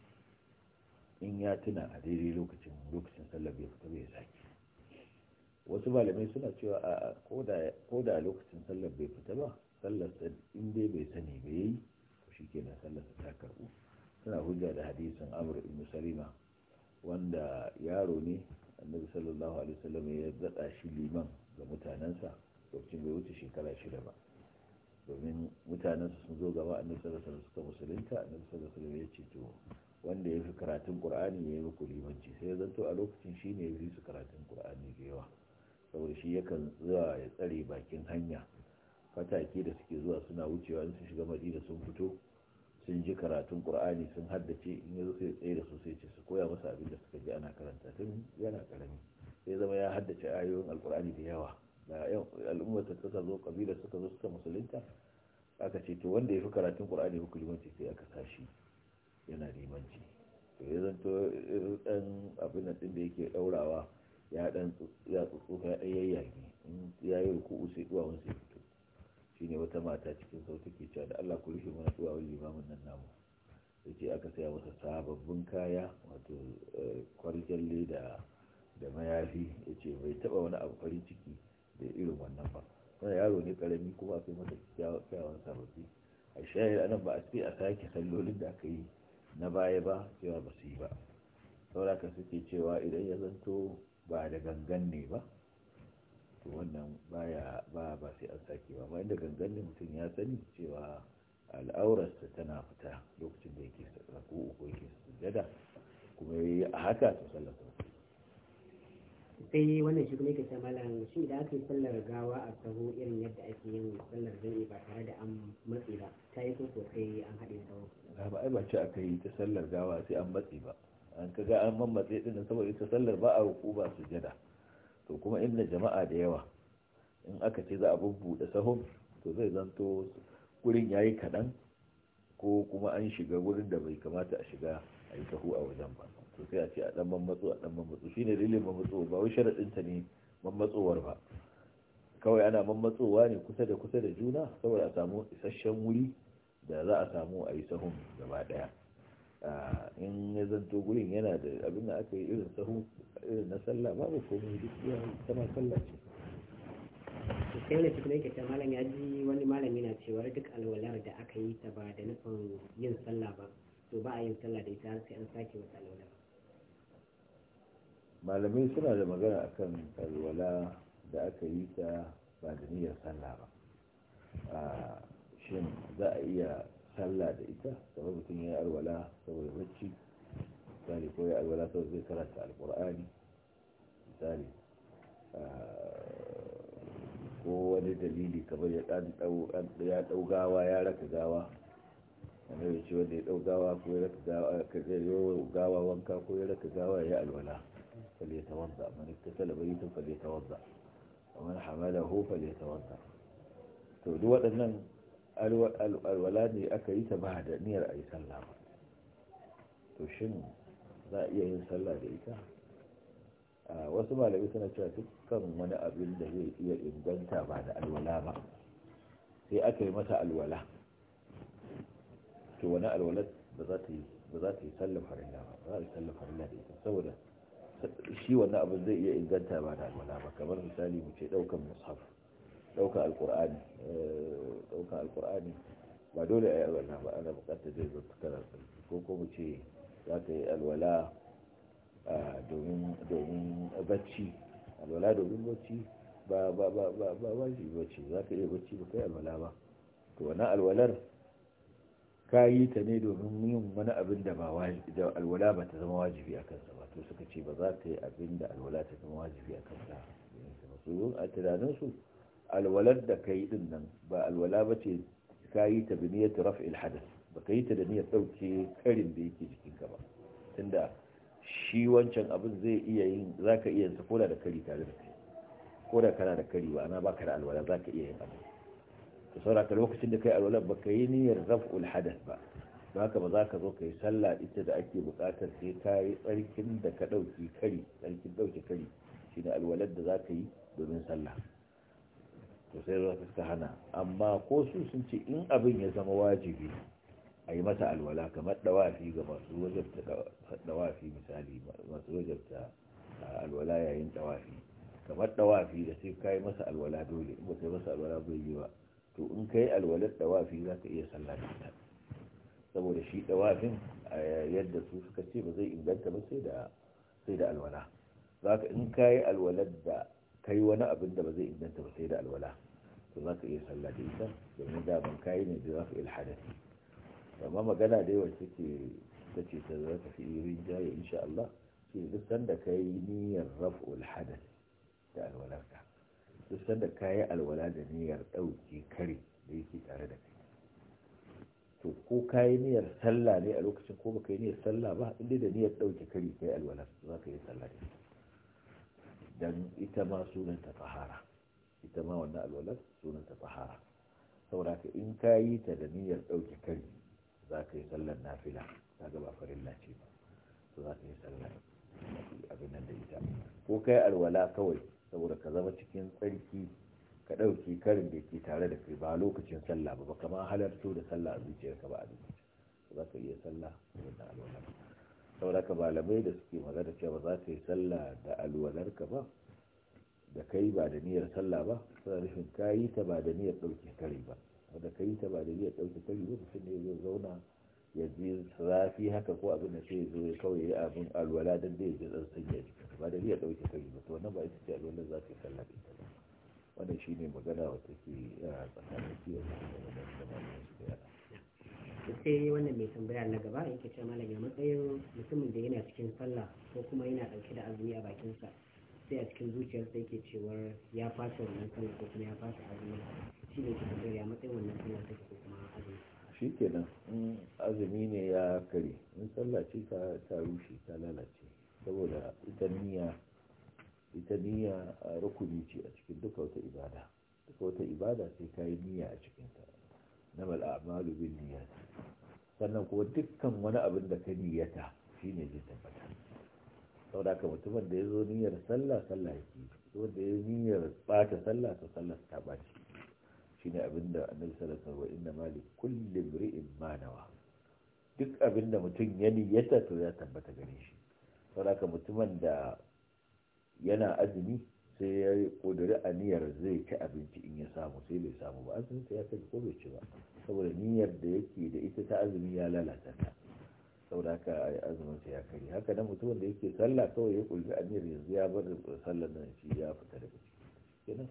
in ya tuna a daidai lokacin lokacin sallah bai fita bai sake wasu malamai suna cewa a ko da lokacin sallar bai fita ba sallar in inda bai sani bai yi shi na sallar ta karbu suna hujja da hadisin amr ibn salima wanda yaro ne annabi sallallahu alaihi wasallam ya zada shi liman ga mutanansa lokacin bai wuce shekara shida ba domin mutanansa sun zo gaba annabi sallallahu alaihi wasallam suka musulunta annabi sallallahu alaihi wasallam ya ce to wanda ya fi karatun qur'ani ya yi muku limanci sai ya zanto a lokacin shine ya fi su karatun qur'ani da yawa saboda shi yakan zuwa ya tsare bakin hanya fatake da suke zuwa suna wucewa in sun shiga madina sun fito sun ji karatun qur'ani sun haddace in yazo sai tsaye da su sai ce su koya masa abin da suka ji ana karanta tun yana karami sai zama ya haddace ayoyin alqur'ani da yawa da al'ummar ta suka zo kabila suka zo suka musulunta aka ce to wanda ya fi karatun qur'ani ko limanci sai aka kashi yana limanci to ya zanto dan eh, abin nan din da yake daurawa ya dan ya tsotsofa ya yayyage in ya yi ruku'u sai wani sai fito shi wata mata cikin sauti ke cewa da Allah ku rufe mana wani limamin nan namu ya aka saya masa sababbin kaya wato eh, kwarjalle da da mayafi yace bai taba wani abu farin ciki da irin wannan ba wannan yaro ne karami kuma sai yi masa kyawawan sababbi a shayar ana ba a ce a sake sallolin da aka yi na baya ba cewa ba su yi ba ka suke cewa idan ya zanto ba da gangan ne ba to wannan baya ba ba sai an sake ba bayan gangan ne mutum ya sani cewa al'aurarsa tana fita lokacin da yake sako uku yake sujada kuma yayi a haka to sallar sai wannan shi kuma yake ce malam shi da aka sallar gawa a sahu irin yadda ake yin sallar zai ba tare da an matsi ba ta yi ko kai an haɗe sahu ba ai ba ce aka yi ta sallar gawa sai an matsi ba an kaga an mammatse din saboda ita sallar ba a ruku ba sujada to kuma inda jama'a da yawa in aka ce za a bubbuɗe sahun to zai zanto gurin yayi kaɗan ko kuma an shiga gurin da bai kamata a shiga a yi sahu a wajen ba to sai a ce a ɗan mammatsu a ɗan mammatsu shine dalilin mammatsu ba wai sharaɗin ta ne mammatsowar ba kawai ana mamatsowa ne kusa da kusa da juna saboda a samu isasshen wuri da za a samu a yi sahun gaba ɗaya Ah, in ya zanto gurin yana da abin da aka yi irin sahu irin na sallah babu komai duk ya zama sallah ce sai wani cikin yake ta malam ya ji wani malami na cewar duk alwalar da aka yi ta ba da nufin yin sallah ba to ba a yin sallah da ita har sai an sake wata alwala malamai suna da magana akan alwala da aka yi ta ba da niyyar sallah ba ah, shin za a iya sallah da ita kamar mutum ya yi alwala saboda bacci misali ko ya alwala saboda zai karanta alkur'ani misali ah, ko wani dalili kamar ya ɗau gawa ya raka gawa wanda ya ce wanda ya ɗau gawa ko ya raka gawa ka zai yi gawa wanka ko ya raka gawa ya alwala fale ta da mani ta talabai tun fale ta wanda wani hamada hu fale ta wanda to duk waɗannan alwala ne aka yi ta ba da niyyar a yi sallah ba to shin za a iya yin sallah da ita a wasu malamai suna cewa dukkan wani abin da zai iya inganta ba da alwala ba sai aka yi masa alwala to wani alwala ba za ta yi ba za ta yi farilla ba za a yi sallar farilla da ita saboda shi wannan abin zai iya inganta ba da alwala ba kamar misali mu ce ɗaukan mushaf ɗauka alkur'ani eh, ɗauka alkur'ani ba dole a yi alwala ba ana buƙatar da zai karar ko kuma ce za ka yi alwala domin bacci alwala domin bacci ba ba ba ba ba ba shi bacci za ka yi bacci ba kai alwala ba to wannan alwalar ka yi ta ne domin yin wani abin da ba da alwala ba ta zama wajibi a kansa ba to suka ce ba za ta yi abin da alwala ta zama wajibi a kansa su a tunaninsu alwalar da ka yi din nan ba alwala ba ce ka yi ta biniyar raf'il hadas ba ka yi ta da niyyar ɗauke karin da yake ka ba tunda shi wancan abin zai iya yin za ka iya yinsa koda da kari tare da kai da kana da kari ba ana ba ka da alwala za ka iya yin abin ka sauraka lokacin da kai alwala ba ka yi niyyar raf'ul hadas ba ba haka ba za ka zo ka yi sallah ita da ake buƙatar sai ka yi tsarkin da ka ɗauki kari tsarkin ɗauki kari shi ne alwalar da za ka yi domin sallah to sai ruwa suka hana amma ko su sun ce in abin ya zama wajibi a yi masa alwala kamar dawafi ga masu wajabta dawafi misali masu wajabta alwala yayin dawafi kamar dawafi da sai kai masa alwala dole in ba kai masa alwala bai yi ba to in kai alwalar dawafi za ka iya sallah da ita saboda shi dawafin yadda su suka ce ba zai inganta ba sai da sai da alwala za ka in kai alwalar da kai wani abin da ba zai inganta ba sai da alwala to za ka iya sallah da ita domin daman kayi ne da za ka ilhadasi amma magana da yawa take ta ce ta za ka fi irin jaye insha Allah ce duk sanda ka yi niyyar raf'ul hadath da alwalarka duk sanda ka yi alwala da niyyar ɗauke kare da yake tare da kai to ko ka yi niyyar sallah ne a lokacin ko ba ka yi niyyar sallah ba inda da niyyar ɗauke kare ka yi alwalar za ka yi sallah da ita dan ita ma sunanta tahara ita ma wannan alwalar sunanta tahara saboda ka in ka yi ta da niyyar ɗauke kari za ka yi sallar nafila ta gaba farilla ce ba to za ka yi sallar abin da ita ko kai alwala kawai saboda ka zama cikin tsarki ka ɗauki karin da ke tare da kai ba lokacin sallah ba ba kama da sallah a zuciyarka ba a zuciya za ka iya sallah da alwala sauraka malamai da suke magana cewa za ka yi sallah da alwalarka ba da kai ba da niyyar sallah ba suna nufin ka yi ta ba da niyyar ɗauke kare ba wanda ka yi ta ba da niyyar ɗauke kare ba mutum ne zai zauna ya ji zafi haka ko abin da sai zo ya kawai ya abin alwala don zai ji ɗan sanya ba da niyyar ɗauke kare ba to wannan ba ita ce alwalar za ka yi sallah da ita ba wannan shine magana wata ke ah, tsakanin kiyar da malamai da malamai su da yana sai wannan mai tambaya na gaba yake ce malam ya matsayin mutumin da yana cikin sallah ko kuma yana ɗauke da azumi a bakinsa sai a cikin zuciyar sai yake cewar ya fasa wannan sallah ko kuma ya fasa azumi shi ne ke tambayar ya matsayin wannan sallah take ko kuma azumi shi kenan in azumi ne ya kare in sallah ce ta rushe ta lalace saboda ita niyya ita niyya rukuni ce a cikin duka wata ibada duka wata ibada sai ka yi niyya a cikinta na mal'amalu bin niyya sannan kuma dukkan wani abin da ka niyyata shine zai tabbata saboda ka mutumin da ya zo niyyar sallah sallah yake wanda ya niyyar bata sallah ta sallah ta bace ne abin da annabi sallallahu alaihi wasallam inna mali kulli imri'in ma nawa duk abin da mutum ya niyyata to ya tabbata gare shi da ka mutumin da yana azumi sai ya kodari aniyar zai ci abinci in ya samu sai bai samu ba an ya kai ko bai ci ba saboda niyyar da yake da ita ta azumi ya lalata ta saboda haka azumin sa ya kare haka nan mutumin da yake sallah kawai ya kulli aniyar yanzu ya bar sallar nan shi ya fita daga ciki kenan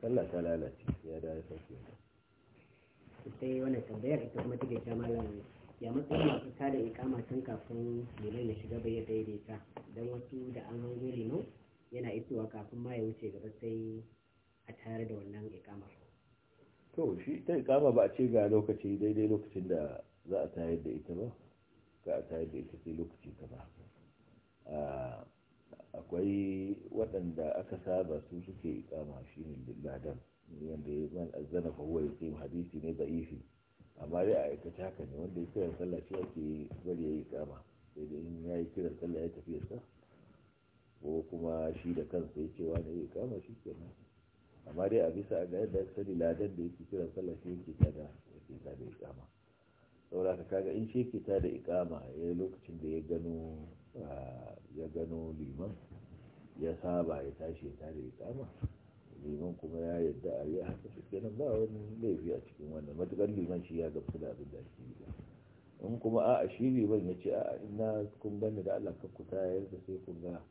sallah ta lalace ya da ya sauke ta sai wannan tambayar ita kuma take ta malam ya matsayin masu tada ikama tun kafin liman ya shiga bayyana daidaita don wasu da an hango limau yana isowa kafin ma ya wuce gaba sai a tare da wannan ikamar to shi ta ikama ba a ce ga lokaci daidai lokacin da za a tayar da ita ba ga a tayar da ita sai lokaci ba akwai waɗanda aka saba su suke ikama shi ne ladan wanda ya zan azzana fahuwa ya yaqim hadisi ne da'ifi amma dai a aikace haka ne wanda ya kiran sallah shi ake bari ya yi ikama sai dai in ya yi kiran sallah ya tafi ya sa ko kuma shi da kansa ya ce wani ya kama shi kenan amma dai a bisa ga yadda sani ladan da yake kiran sallah shi yake tada yake da ikama saboda ka kaga in shi yake da ikama ya lokacin da ya gano ya gano liman ya saba ya tashi ya ta da ikama liman kuma ya yadda a yi haka shi kenan ba wani laifi a cikin wannan matukar liman shi ya gamsu da abin da ake yi in kuma a'a shi liman ya ce a'a ina kun bani da Allah kan ku tayar da sai kun ga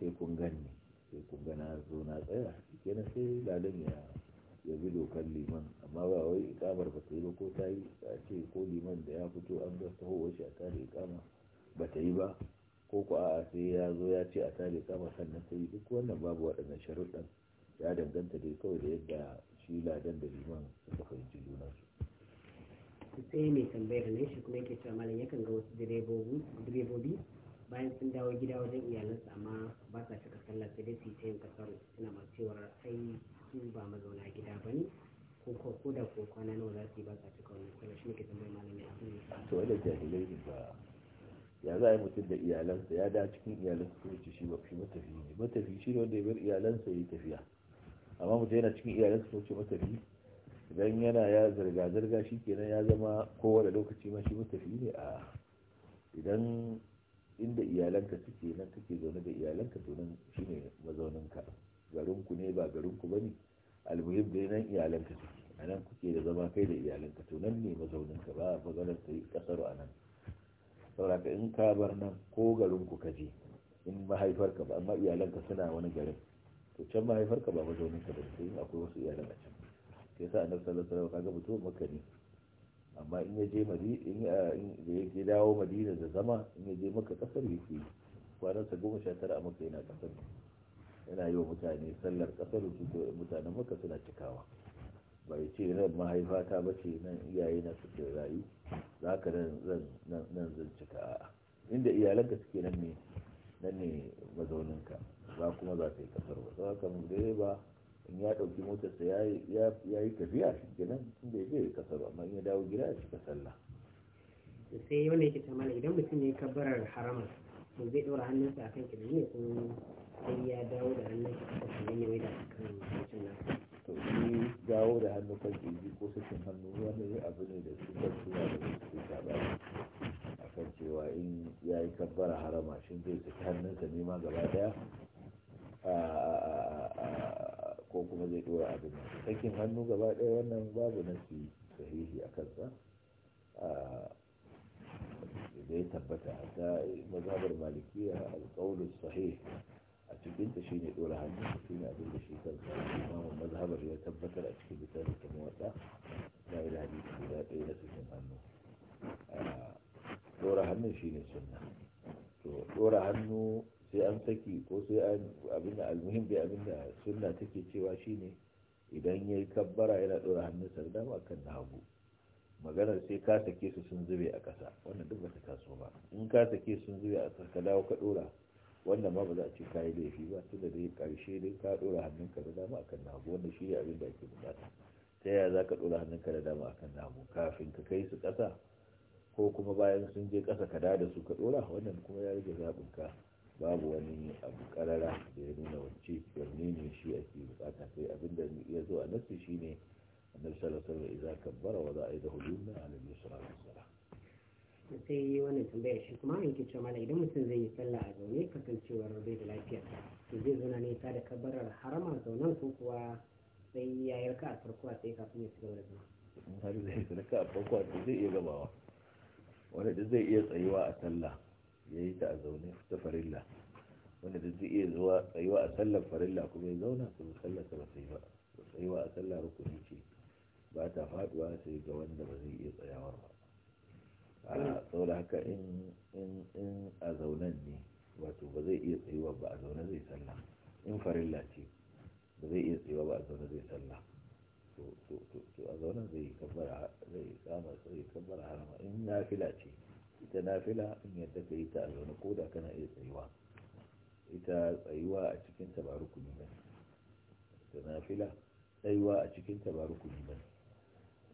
sai kun gani sai kun gana zo na tsaya na sai ladan ya bi dokar liman amma ba wai ikamar ba ta yi ba ko ta yi a ce ko liman da ya fito an ga taho wasu a tare ikama ba ta yi ba ko ku a'a sai ya zo ya ce a tare ikama sannan ta yi duk wannan babu waɗannan sharuɗan ya danganta dai kawai da yadda shi ladan da liman suka fahimci junansu sai mai tambayar ne shi kuma yake cewa malam yakan ga wasu direbobi bayan sun dawo gida wajen iyalansu amma ba sa cika sallah sai dai su yi ta yin kasar suna masu cewar ai su ba mazauna gida ba ne ko ko da ko kwana nawa za su yi ba sa cika wani sallah shi ne ke tambayi malami a kan to wanda jahilai ne ba ya za a yi mutum da iyalansa ya da cikin iyalansa ko ce shi ba shi matafi ne matafi shi ne wanda ya bar iyalansa ya yi tafiya amma mutum yana cikin iyalansa ko ce matafi idan yana ya zirga-zirga shi kenan ya zama kowane lokaci ma shi matafi ne a idan inda iyalanka suke nan kake zaune da iyalanka to nan shine mazauninka garinku ne ba garinku bane almuhim dai nan iyalanka suke a nan kuke da zama kai da iyalanka to nan ne mazauninka ba a maganar ta kasar anan saboda sauraka in ka bar nan ko garinku ka je in mahaifarka ba amma iyalanka suna wani garin to can mahaifarka ba mazauninka ba sai akwai wasu iyalan a can sai sa annabi sallallahu alaihi wasallam kaga mutum makani amma in ya je ah, da ya dawo madina da zama in ya je maka kasar yake kwanansa goma sha tara a maka yana kasar yana yi wa mutane sallar kasar su ko mutanen maka suna cikawa ba ya ce nan mahaifa ta ba ce nan iyaye na ke rayu za ka nan zan cika a inda iyalanka suke nan ne nan ne mazauninka za kuma za ta yi kasar ba za ka mu ba in ya ɗauki motarsa ya yi tafiya shi kenan tun da ya kasa ba amma in ya dawo gida ya cika sallah sai wanda yake tamala idan mutum ya yi kabbarar harama to zai ɗora hannunsa a kan kiɗan ne ko sai ya dawo da hannunsa a kan ya maida a kan mutum na to shi dawo da hannu kan kirji ko sakin hannu wani abu ne da su kan suna da su saba a kan cewa in ya yi kabbara harama shi zai saki hannunsa nema gaba daya ko kuma zai dora abin sakin hannu gaba ɗaya wannan babu nasi sahihi a kansa da ya tabbata ta mazhabar malikiya alƙawlus sahih a cikin ta ne dora hannu shine abin da shi kansa imamu mazhabar ya tabbatar a cikin littafin ta muwatta da ila hadisi guda ɗaya na sakin hannu dora hannun shine sunna to dora hannu sai an saki ko sai an abin da almuhim bai abin da sunna take cewa shine idan ya yi kabbara yana ɗora hannunsa da a kan nagu maganar sai ka sake su sun zube a ƙasa wannan duk bata taso ba in ka sake sun zube a ƙasa ka dawo ka ɗora wannan ma ba za a ce ka yi laifi ba tun da dai ƙarshe dai ka ɗora hannunka da dama a kan hagu wannan shi ne abin da ake buƙata ta yaya za ka ɗora hannunka da dama a kan hagu kafin ka kai su ƙasa ko kuma bayan sun je ƙasa ka da su ka ɗora wannan kuma ya rage zaɓinka babu wani abu karara da ya nuna wacce wanne ne shi ake bukata sai abinda ya zo a nassi shine annabi sallallahu alaihi wasallam idza kabbara wa za'a yadahu yumna ala al-yusra sai yi wani tambayar shi kuma yake cewa mana idan mutum zai yi sallah a zaune kasancewar bai da lafiya to zai zauna ne ta da kabarar harama zaunan ko kuwa sai ya ka a farko sai kafin ya cigaba da zama har zai yarka a farko sai zai iya gabawa wanda zai iya tsayuwa a sallah ya yi ta a zaune ta farilla wani da zai iya zuwa tsayuwa a sallar farilla kuma ya zauna kuma sallar ta ba sai ba tsayuwa a sallar rukuni ce ba ta faduwa sai ga wanda ba zai iya tsayawar ba a saboda haka in a zaunan ne wato ba zai iya tsayuwa ba a zaune zai sallah in farilla ce ba zai iya tsayuwa ba a zaune zai sallah to a zaunan zai kabbara zai kama zai kabbara harama in nafila ce ita nafila in yadda ka yi ta a ko da kana iya tsayuwa ita tsayuwa a cikin tabaru kuni ba ita nafila tsayuwa a cikin tabaru kuni ba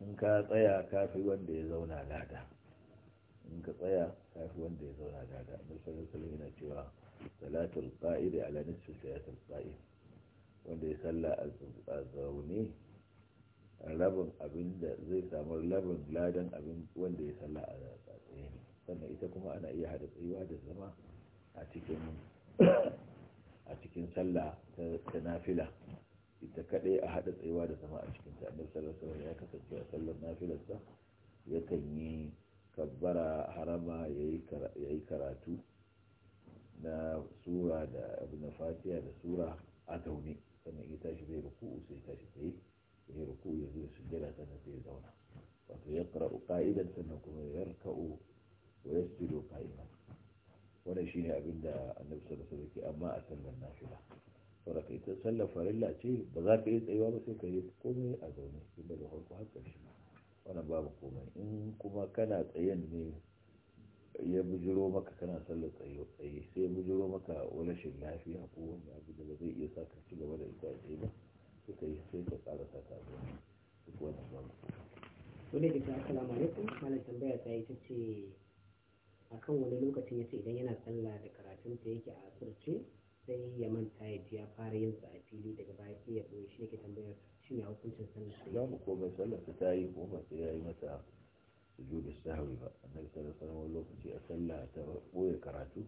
in ka tsaya kafi wanda ya zauna lada in ka tsaya kafi wanda ya zauna lada annabi sallallahu alaihi yana cewa salatul qa'idi ala nisfi salatul qa'id wanda ya salla a zaune rabin abin da zai samu rabin ladan abin wanda ya salla a sannan ita kuma ana iya hada tsayuwa da zama a cikin a sallah ta nafila ita kadai a hada tsayuwa da zama a cikin ta annabi sallallahu ya kasance a sallar nafilarsa yakan yi kabbara harama yayi karatu na sura da abin fatiha da sura a zaune sannan ya tashi zai ruku'u sai tashi tsaye ya ruku ya zo sujjada sannan sai ya zauna wato ya qara'u qa'idan sannan kuma ya yarka'u wa yasjudu qa'iman wannan shine abin da annabi sallallahu alaihi wasallam amma a sallar nafila saboda kai ta sallar farilla ce ba za ka yi tsayuwa ba sai ka yi komai a zaune tun daga farko har ƙarshe wannan babu komai in kuma kana tsayen ne ya bujiro maka kana sallar tsayo, tsaye sai ya bujiro maka rashin lafiya ko wani abu da ba zai iya sa ka ci gaba da ita tsaye ba sai ka yi sai ka tsara sa ta zuwa duk wannan babu komai. Wani da ta kalama alaikum malam tambaya ta yi ta ce akan wani lokacin ya ce idan yana sallah da karatun ta yake a asirce sai ya manta ya ji ya fara yin sa a fili daga baya sai ya koyi shi yake tambayar shi ne hukuncin sallah ta yi ko mai sallah ta yi ko sai ya yi mata sujudu sahwi ba annabi sallallahu alaihi wasallam lokaci a sallah ta boye karatu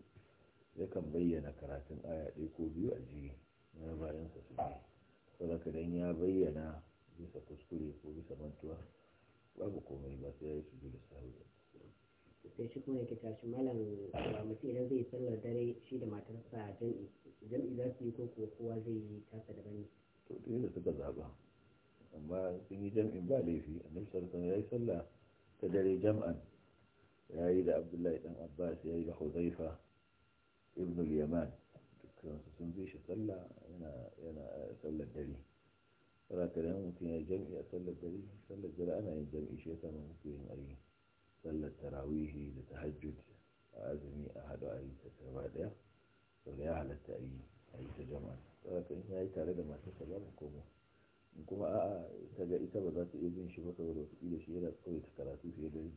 ya kan bayyana karatun aya ɗaya ko biyu a jiri na bayan sa su saboda idan ya bayyana bisa kuskure ko bisa mantuwa babu komai ba sai ya yi sujudu sahwi ba sai shi kuma yake tashi malam mutum idan zai sallar dare shi da matarsa jam'i jam'i za su yi ko kuwa kowa zai yi tasa daban ne to da suka zaba amma sun yi jam'in ba laifi a sallallahu ya yi sallah ta dare jam'an ya yi da abdullahi dan abbas ya yi da huzaifa ibn al-yaman dukkansu sun bi shi sallah yana yana sallar dare saboda kada mutum ya jam'i a sallar dare sallar dare ana yin jam'i shi ya samu mutum yin aiki صلى التراويح لتهجد أزمي أحد أي تسمى ديا صلى أهل التأي أي تجمع ولكن هي تارد ما تسلم كومو كوما تجا إتا بذات إذن شبك ولو تقيل شيئا قوي تكراتو في إذن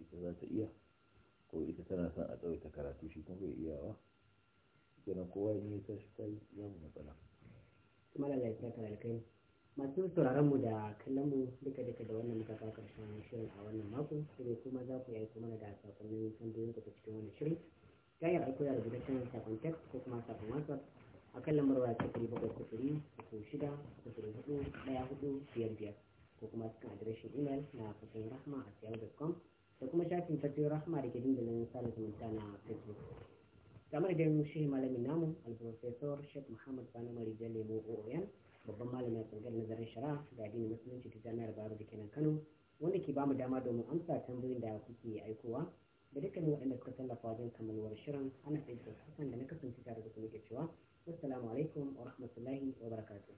إتا ذات إيا قوي إتا سنة سنة قوي تكراتو شي كومو إيا وا كنا قوي إني تشتاي يامو مطلع ما لا لا يتاكل الكين masu sauraron mu da kallon mu duka duka da wannan muka kawo karshen shirin a wannan mako sai kuma za ku yi mana da sakonnin tambayoyin ku ta cikin wannan shirin ta yi aiko da rubutaccen sakon text ko kuma sakon whatsapp a kan lambar waya kiri bakwai sifiri uku shida sifiri hudu daya hudu biyar biyar ko kuma cikin adireshin imel na fatin rahma a siyar.com da kuma shafin fatin rahma da ke dandalin sada zumunta na facebook kamar da yin shi malamin namu al-professor sheikh muhammad sani marijan lemo oon babban malamin tsangar nazarin shari'a da addinin musulunci ta jami'ar baro da kenan kano wanda ke bamu dama domin amsa tambayin da kuke aikowa da dukkanin waɗanda suka tallafa wajen kammaluwar shirin ana tsaye da da na kasance tare da kuma ke cewa assalamu alaikum wa rahmatullahi wa barakatuh